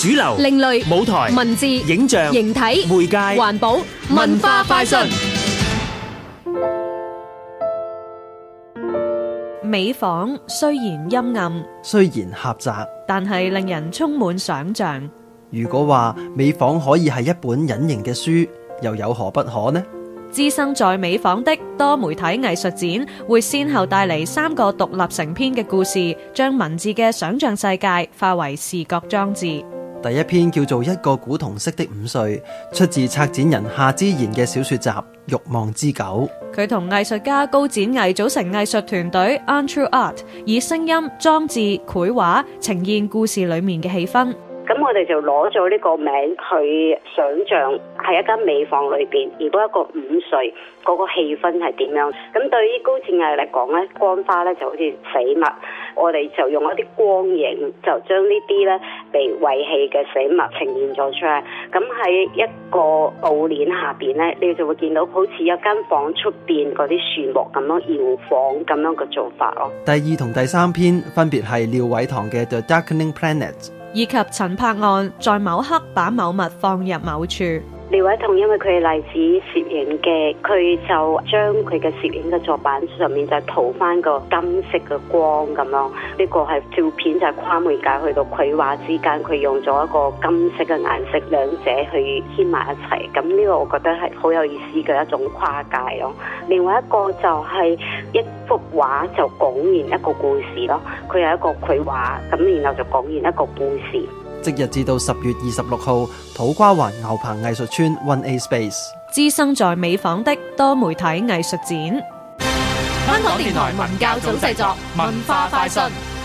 主流、另類舞台、文字、影像、形體、媒介、環保、文化快訊。美房雖然陰暗，雖然狹窄，但係令人充滿想象。如果話美房可以係一本隱形嘅書，又有何不可呢？滋生在美房的多媒體藝術展，會先後帶嚟三個獨立成篇嘅故事，將文字嘅想象世界化為視覺裝置。第一篇叫做《一個古銅色的午睡》，出自策展人夏之言嘅小說集《慾望之狗》，佢同藝術家高展毅組成藝術團隊 Untrue Art，以聲音、裝置、繪畫呈現故事裏面嘅氣氛。咁我哋就攞咗呢個名去想象，係一間美房裏邊，如果一個午睡嗰、嗰個氣氛係點樣？咁對於高展毅嚟講咧，乾花咧就好似死物，我哋就用一啲光影就，就將呢啲咧。被遺棄嘅死物呈現咗出嚟，咁喺一個布簾下邊咧，你就會見到好似有一間房出邊嗰啲樹木咁樣搖晃咁樣嘅做法咯。第二同第三篇分別係廖偉棠嘅《The Darkening Planet》，以及陳柏岸在某刻把某物放入某處。廖偉彤因為佢係例子攝影嘅，佢就將佢嘅攝影嘅作品上面就係塗翻個金色嘅光咁咯。呢個係照片就係跨媒介去到繪畫之間，佢用咗一個金色嘅，這個就是，顏色兩者去牽埋一齊。咁呢個我覺得係好有意思嘅一種跨界咯。另外一個就係一幅畫就講完一個故事咯。佢係一個繪畫，咁然後就講完一個故事。即日至到十月二十六號，土瓜灣牛棚藝術村 One A Space，滋生在美房的多媒體藝術展。香港電台文教組製作，文化快訊。